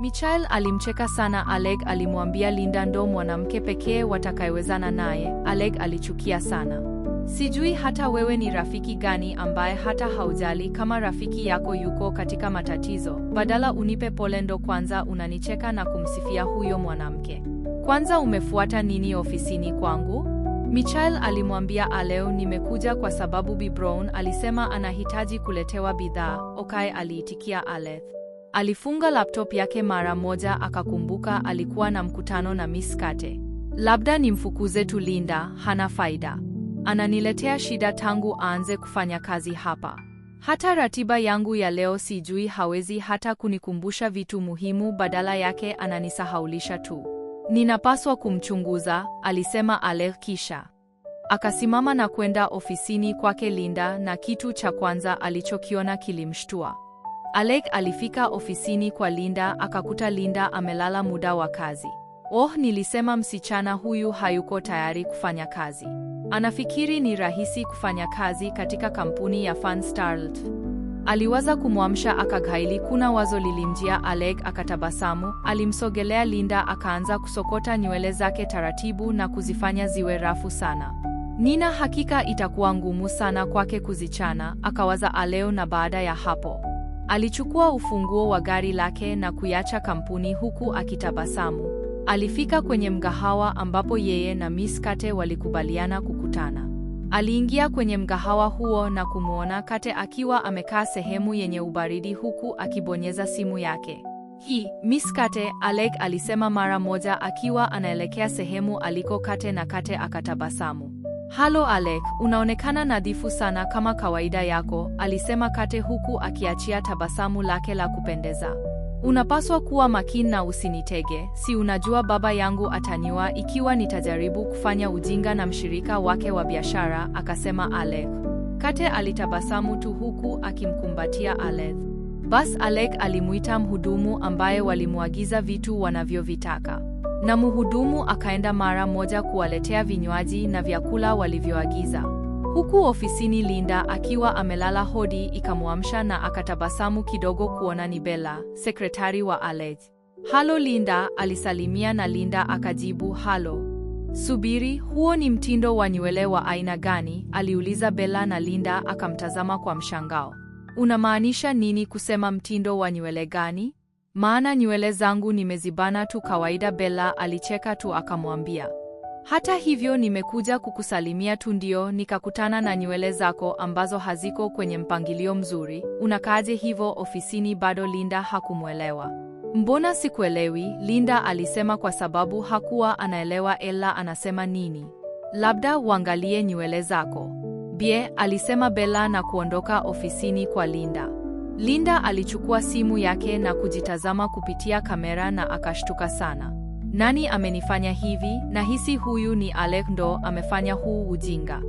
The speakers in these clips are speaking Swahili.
Michael alimcheka sana Alec, alimwambia Linda ndo mwanamke pekee watakayewezana naye. Alec alichukia sana. Sijui hata wewe ni rafiki gani ambaye hata haujali kama rafiki yako yuko katika matatizo. Badala unipe pole ndo kwanza unanicheka na kumsifia huyo mwanamke. Kwanza umefuata nini ofisini kwangu? Michael alimwambia Aleo, nimekuja kwa sababu Bi Brown alisema anahitaji kuletewa bidhaa. Okay, aliitikia Aleth. Alifunga laptop yake mara moja, akakumbuka alikuwa na mkutano na Miss Kate. Labda nimfukuze tu Linda, hana faida, ananiletea shida tangu aanze kufanya kazi hapa. Hata ratiba yangu ya leo sijui, hawezi hata kunikumbusha vitu muhimu, badala yake ananisahaulisha tu. Ninapaswa kumchunguza, alisema Ale kisha akasimama na kwenda ofisini kwake Linda, na kitu cha kwanza alichokiona kilimshtua. Alec alifika ofisini kwa Linda akakuta Linda amelala muda wa kazi. Oh, nilisema msichana huyu hayuko tayari kufanya kazi. Anafikiri ni rahisi kufanya kazi katika kampuni ya Starlet. Aliwaza kumwamsha akaghaili. Kuna wazo lilimjia Alec akatabasamu. Alimsogelea Linda akaanza kusokota nywele zake taratibu na kuzifanya ziwe rafu sana. Nina hakika itakuwa ngumu sana kwake kuzichana, akawaza Aleo na baada ya hapo Alichukua ufunguo wa gari lake na kuiacha kampuni huku akitabasamu. Alifika kwenye mgahawa ambapo yeye na Miss Kate walikubaliana kukutana. Aliingia kwenye mgahawa huo na kumwona Kate akiwa amekaa sehemu yenye ubaridi huku akibonyeza simu yake. Hi, Miss Kate, Alec alisema mara moja akiwa anaelekea sehemu aliko Kate na Kate akatabasamu. Halo Alec, unaonekana nadhifu sana kama kawaida yako, alisema Kate huku akiachia tabasamu lake la kupendeza. Unapaswa kuwa makini na usinitege, si unajua baba yangu ataniwa ikiwa nitajaribu kufanya ujinga na mshirika wake wa biashara, akasema Alec. Kate alitabasamu tu huku akimkumbatia Alec. Bas Alec alimuita mhudumu ambaye walimwagiza vitu wanavyovitaka na mhudumu akaenda mara moja kuwaletea vinywaji na vyakula walivyoagiza, huku ofisini Linda akiwa amelala. Hodi ikamwamsha na akatabasamu kidogo kuona ni Bella, sekretari wa Alej. Halo Linda, alisalimia na Linda akajibu halo. Subiri, huo ni mtindo wa nywele wa aina gani? aliuliza Bella na Linda akamtazama kwa mshangao. Unamaanisha nini kusema mtindo wa nywele gani? maana nywele zangu nimezibana tu kawaida. Bella alicheka tu akamwambia, hata hivyo nimekuja kukusalimia tu, ndio nikakutana na nywele zako ambazo haziko kwenye mpangilio mzuri. Unakaaje hivyo ofisini? Bado Linda hakumwelewa. Mbona sikuelewi? Linda alisema kwa sababu hakuwa anaelewa Ella anasema nini. Labda uangalie nywele zako bie, alisema Bella na kuondoka ofisini kwa Linda. Linda alichukua simu yake na kujitazama kupitia kamera na akashtuka sana. Nani amenifanya hivi? Nahisi huyu ni Alec ndo amefanya huu ujinga.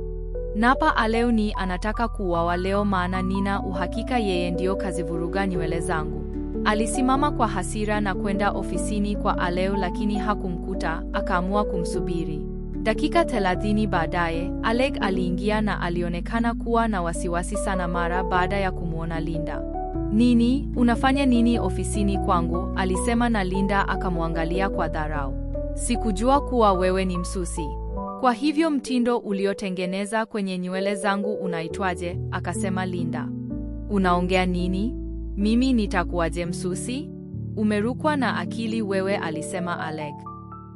Napa ni anataka kuuawa leo, maana nina uhakika yeye ndio kazivuruga nywele zangu. Alisimama kwa hasira na kwenda ofisini kwa Aleu, lakini hakumkuta, akaamua kumsubiri. Dakika thelathini baadaye, Alec aliingia na alionekana kuwa na wasiwasi sana mara baada ya kumwona Linda. Nini, unafanya nini ofisini kwangu? alisema na Linda akamwangalia kwa dharau. Sikujua kuwa wewe ni msusi. Kwa hivyo mtindo uliotengeneza kwenye nywele zangu unaitwaje? akasema Linda. Unaongea nini? Mimi nitakuwaje msusi? Umerukwa na akili wewe, alisema Alec.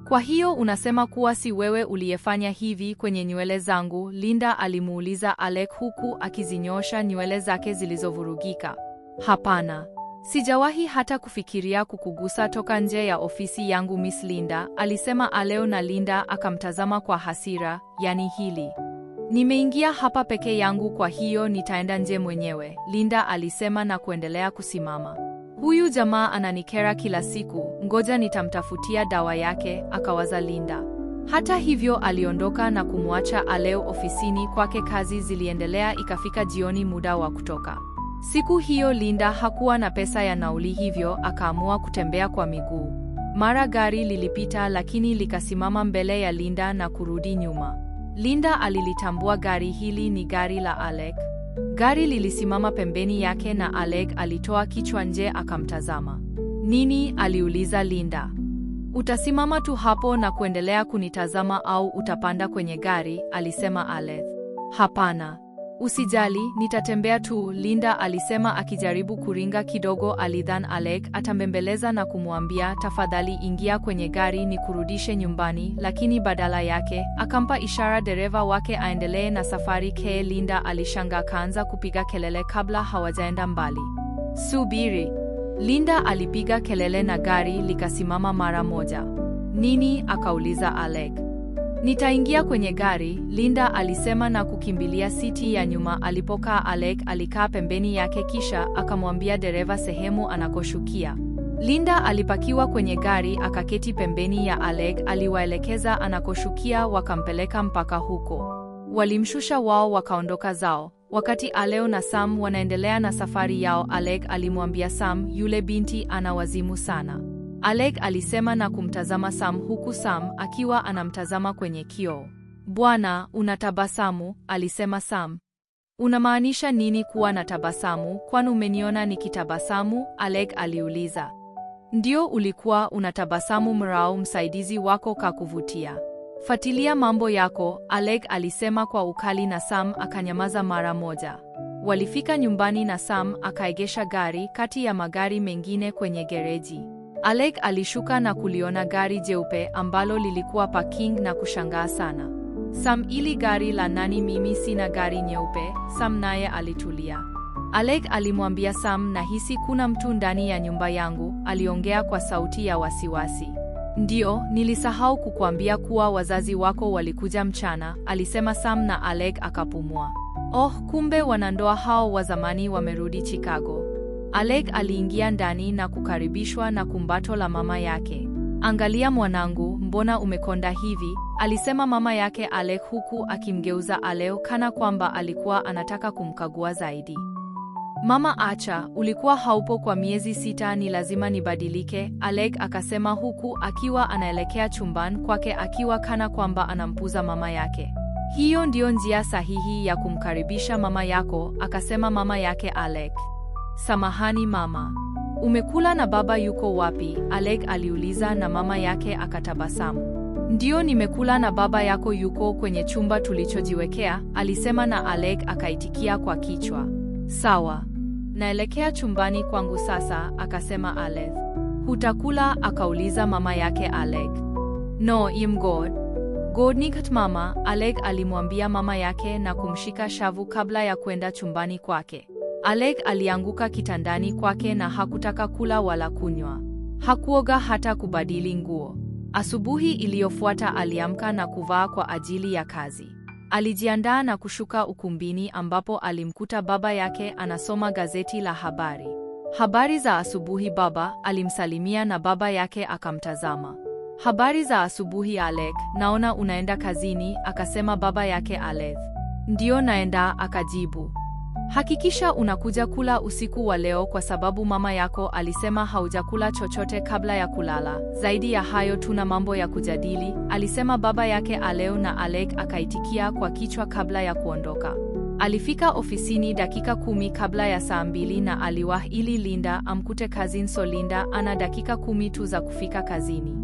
Kwa hiyo unasema kuwa si wewe uliyefanya hivi kwenye nywele zangu? Linda alimuuliza Alec huku akizinyosha nywele zake zilizovurugika. Hapana, sijawahi hata kufikiria kukugusa toka nje ya ofisi yangu, Miss Linda, alisema Aleo, na Linda akamtazama kwa hasira. Yani hili nimeingia hapa peke yangu, kwa hiyo nitaenda nje mwenyewe, Linda alisema na kuendelea kusimama. Huyu jamaa ananikera kila siku, ngoja nitamtafutia dawa yake, akawaza Linda. Hata hivyo, aliondoka na kumwacha Aleo ofisini kwake. Kazi ziliendelea, ikafika jioni, muda wa kutoka. Siku hiyo Linda hakuwa na pesa ya nauli, hivyo akaamua kutembea kwa miguu. Mara gari lilipita, lakini likasimama mbele ya Linda na kurudi nyuma. Linda alilitambua gari hili, ni gari la Alec. Gari lilisimama pembeni yake na Alec alitoa kichwa nje akamtazama. Nini? aliuliza Linda. Utasimama tu hapo na kuendelea kunitazama au utapanda kwenye gari? alisema Alec. Hapana, Usijali, nitatembea tu, Linda alisema akijaribu kuringa kidogo. Alidhan Alec atambembeleza na kumwambia tafadhali ingia kwenye gari nikurudishe nyumbani, lakini badala yake akampa ishara dereva wake aendelee na safari. Ke Linda alishanga kaanza kupiga kelele kabla hawajaenda mbali. Subiri! Linda alipiga kelele na gari likasimama mara moja. Nini? akauliza Alec. Nitaingia kwenye gari, Linda alisema na kukimbilia siti ya nyuma. Alipokaa Alec alikaa pembeni yake kisha akamwambia dereva sehemu anakoshukia. Linda alipakiwa kwenye gari akaketi pembeni ya Alec, aliwaelekeza anakoshukia wakampeleka mpaka huko. Walimshusha wao wakaondoka zao. Wakati Aleo na Sam wanaendelea na safari yao, Alec alimwambia Sam, yule binti ana wazimu sana. Alec alisema na kumtazama Sam huku Sam akiwa anamtazama kwenye kioo. Bwana, unatabasamu, alisema Sam. Unamaanisha nini kuwa na tabasamu? Kwani umeniona nikitabasamu? Alec aliuliza. Ndio, ulikuwa unatabasamu mrao msaidizi wako kakuvutia. Fatilia mambo yako, Alec alisema kwa ukali na Sam akanyamaza mara moja. Walifika nyumbani na Sam akaegesha gari kati ya magari mengine kwenye gereji. Alec alishuka na kuliona gari jeupe ambalo lilikuwa parking na kushangaa sana. Sam, ili gari la nani? Mimi sina gari nyeupe. Sam naye alitulia. Alec alimwambia Sam, nahisi kuna mtu ndani ya nyumba yangu, aliongea kwa sauti ya wasiwasi. Ndio, nilisahau kukuambia kuwa wazazi wako walikuja mchana, alisema Sam na Alec akapumua. Oh, kumbe wanandoa hao wa zamani wamerudi Chicago. Alec aliingia ndani na kukaribishwa na kumbato la mama yake. Angalia mwanangu, mbona umekonda hivi? Alisema mama yake Alec huku akimgeuza Aleo kana kwamba alikuwa anataka kumkagua zaidi. Mama, acha, ulikuwa haupo kwa miezi sita, ni lazima nibadilike, Alec akasema huku akiwa anaelekea chumbani kwake akiwa kana kwamba anampuza mama yake. Hiyo ndiyo njia sahihi ya kumkaribisha mama yako, akasema mama yake Alec. Samahani mama, umekula na baba yuko wapi? Alec aliuliza na mama yake akatabasamu. Ndiyo, nimekula na baba yako yuko kwenye chumba tulichojiwekea, alisema na Alec akaitikia kwa kichwa. Sawa, naelekea chumbani kwangu sasa, akasema Alec. Hutakula? akauliza mama yake Alec. No, im God. God mama, Alec alimwambia mama yake na kumshika shavu kabla ya kwenda chumbani kwake. Alec alianguka kitandani kwake na hakutaka kula wala kunywa. Hakuoga hata kubadili nguo. Asubuhi iliyofuata aliamka na kuvaa kwa ajili ya kazi. Alijiandaa na kushuka ukumbini ambapo alimkuta baba yake anasoma gazeti la habari. Habari za asubuhi baba, alimsalimia na baba yake akamtazama. Habari za asubuhi Alec, naona unaenda kazini, akasema baba yake Alec. Ndiyo naenda, akajibu. Hakikisha unakuja kula usiku wa leo kwa sababu mama yako alisema haujakula chochote kabla ya kulala. Zaidi ya hayo, tuna mambo ya kujadili, alisema baba yake Aleo, na Alec akaitikia kwa kichwa kabla ya kuondoka. Alifika ofisini dakika kumi kabla ya saa mbili na aliwahi ili Linda amkute kazini, so Linda ana dakika kumi tu za kufika kazini.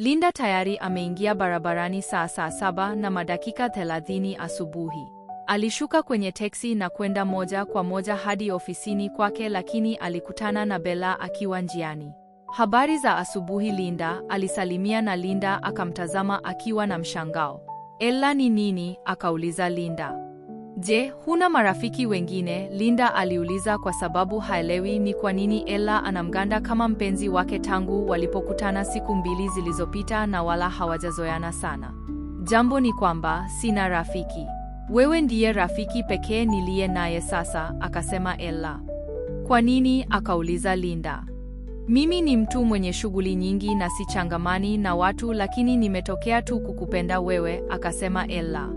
Linda tayari ameingia barabarani saa saa saba na madakika thelathini asubuhi. Alishuka kwenye teksi na kwenda moja kwa moja hadi ofisini kwake, lakini alikutana na Bella akiwa njiani. Habari za asubuhi, Linda alisalimia, na Linda akamtazama akiwa na mshangao. Ella ni nini? akauliza Linda. Je, huna marafiki wengine? Linda aliuliza kwa sababu haelewi ni kwa nini Ella anamganda kama mpenzi wake tangu walipokutana siku mbili zilizopita na wala hawajazoeana sana. Jambo ni kwamba sina rafiki. Wewe ndiye rafiki pekee niliye naye sasa, akasema Ella. Kwa nini? akauliza Linda. Mimi ni mtu mwenye shughuli nyingi na sichangamani na watu, lakini nimetokea tu kukupenda wewe, akasema Ella.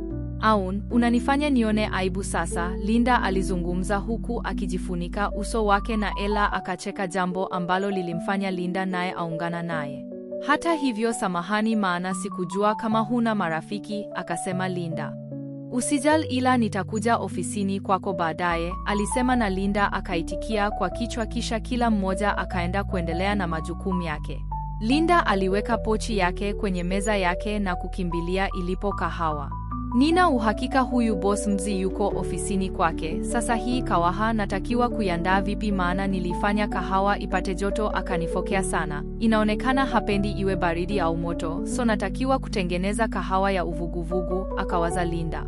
Aun, unanifanya nione aibu sasa, Linda alizungumza huku akijifunika uso wake na Ella akacheka, jambo ambalo lilimfanya Linda naye aungana naye. Hata hivyo, samahani maana sikujua kama huna marafiki, akasema Linda. Usijali ila nitakuja ofisini kwako baadaye, alisema na Linda akaitikia kwa kichwa kisha kila mmoja akaenda kuendelea na majukumu yake. Linda aliweka pochi yake kwenye meza yake na kukimbilia ilipo kahawa. Nina uhakika huyu boss mzi yuko ofisini kwake. Sasa hii kawaha natakiwa kuiandaa vipi maana nilifanya kahawa ipate joto akanifokea sana. Inaonekana hapendi iwe baridi au moto. So natakiwa kutengeneza kahawa ya uvuguvugu, akawaza Linda.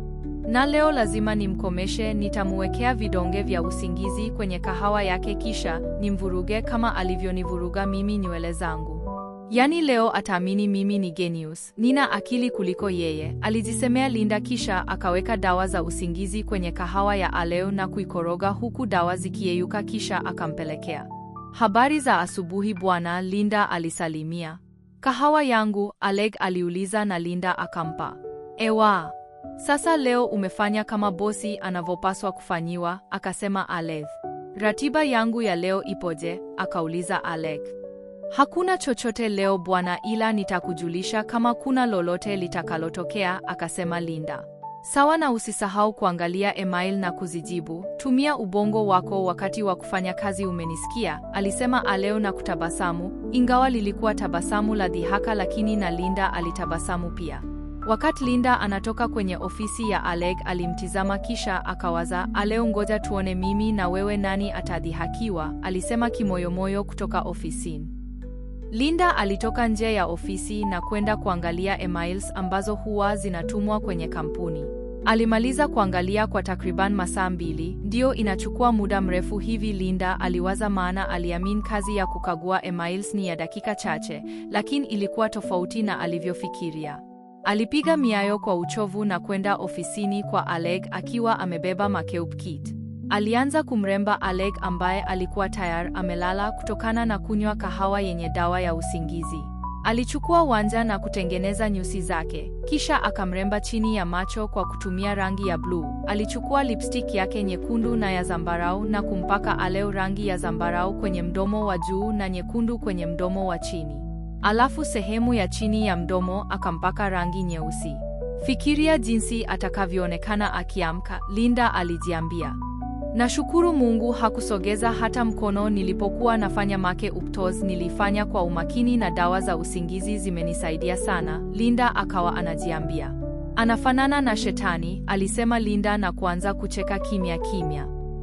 Na leo lazima nimkomeshe, nitamwekea vidonge vya usingizi kwenye kahawa yake kisha nimvuruge kama alivyonivuruga mimi nywele zangu yani leo ataamini mimi ni genius, nina akili kuliko yeye, alijisemea Linda, kisha akaweka dawa za usingizi kwenye kahawa ya Aleo na kuikoroga huku dawa zikiyeyuka, kisha akampelekea. Habari za asubuhi bwana, Linda alisalimia. Kahawa yangu? Alec aliuliza na Linda akampa. Ewa, sasa leo umefanya kama bosi anavyopaswa kufanyiwa, akasema Alec. Ratiba yangu ya leo ipoje? akauliza Alec. Hakuna chochote leo bwana, ila nitakujulisha kama kuna lolote litakalotokea, akasema Linda. Sawa, na usisahau kuangalia email na kuzijibu. Tumia ubongo wako wakati wa kufanya kazi, umenisikia? Alisema Aleo na kutabasamu, ingawa lilikuwa tabasamu la dhihaka, lakini na Linda alitabasamu pia. Wakati Linda anatoka kwenye ofisi ya aleg alimtizama kisha akawaza, Aleo, ngoja tuone mimi na wewe nani atadhihakiwa, alisema kimoyomoyo kutoka ofisini. Linda alitoka nje ya ofisi na kwenda kuangalia emails ambazo huwa zinatumwa kwenye kampuni. Alimaliza kuangalia kwa takriban masaa mbili. Ndiyo inachukua muda mrefu hivi, Linda aliwaza, maana aliamini kazi ya kukagua emails ni ya dakika chache, lakini ilikuwa tofauti na alivyofikiria. Alipiga miayo kwa uchovu na kwenda ofisini kwa Alec akiwa amebeba makeup kit. Alianza kumremba Alec ambaye alikuwa tayari amelala kutokana na kunywa kahawa yenye dawa ya usingizi. Alichukua wanja na kutengeneza nyusi zake, kisha akamremba chini ya macho kwa kutumia rangi ya bluu. Alichukua lipstick yake nyekundu na ya zambarau na kumpaka Aleo rangi ya zambarau kwenye mdomo wa juu na nyekundu kwenye mdomo wa chini. Alafu sehemu ya chini ya mdomo akampaka rangi nyeusi. Fikiria jinsi atakavyoonekana akiamka, Linda alijiambia. Nashukuru Mungu hakusogeza hata mkono nilipokuwa nafanya make uptoz, nilifanya kwa umakini na dawa za usingizi zimenisaidia sana, Linda akawa anajiambia. Anafanana na shetani, alisema Linda na kuanza kucheka kimya kimya.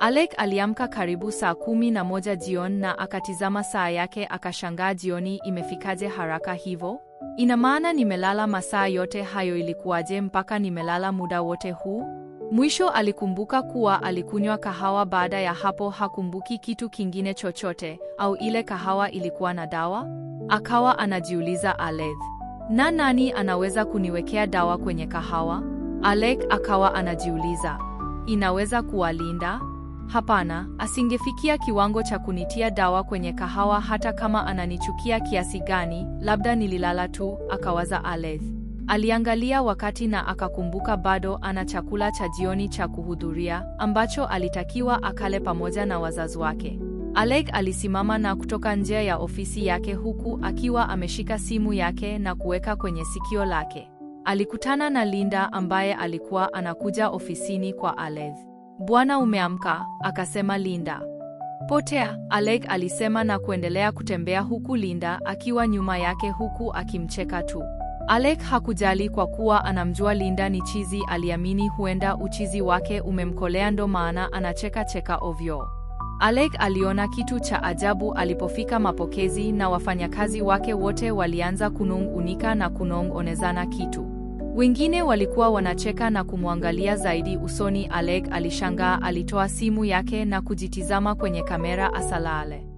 Alec aliamka karibu saa kumi na moja jioni na akatizama saa yake akashangaa, jioni imefikaje haraka hivyo? Ina maana nimelala masaa yote hayo, ilikuwaje mpaka nimelala muda wote huu? Mwisho alikumbuka kuwa alikunywa kahawa. Baada ya hapo hakumbuki kitu kingine chochote, au ile kahawa ilikuwa na dawa? Akawa anajiuliza Alec, na nani anaweza kuniwekea dawa kwenye kahawa? Alec akawa anajiuliza, inaweza kuwalinda Hapana, asingefikia kiwango cha kunitia dawa kwenye kahawa hata kama ananichukia kiasi gani, labda nililala tu, akawaza Aleth. Aliangalia wakati na akakumbuka bado ana chakula cha jioni cha kuhudhuria ambacho alitakiwa akale pamoja na wazazi wake. Alec alisimama na kutoka nje ya ofisi yake huku akiwa ameshika simu yake na kuweka kwenye sikio lake. Alikutana na Linda ambaye alikuwa anakuja ofisini kwa Aleth. Bwana umeamka, akasema Linda. Potea, Alec alisema na kuendelea kutembea huku Linda akiwa nyuma yake huku akimcheka tu. Alec hakujali kwa kuwa anamjua Linda ni chizi, aliamini huenda uchizi wake umemkolea ndo maana anacheka cheka ovyo. Alec aliona kitu cha ajabu alipofika mapokezi na wafanyakazi wake wote walianza kunung'unika na kunong'onezana kitu. Wengine walikuwa wanacheka na kumwangalia zaidi usoni. Alec alishangaa, alitoa simu yake na kujitizama kwenye kamera asalale.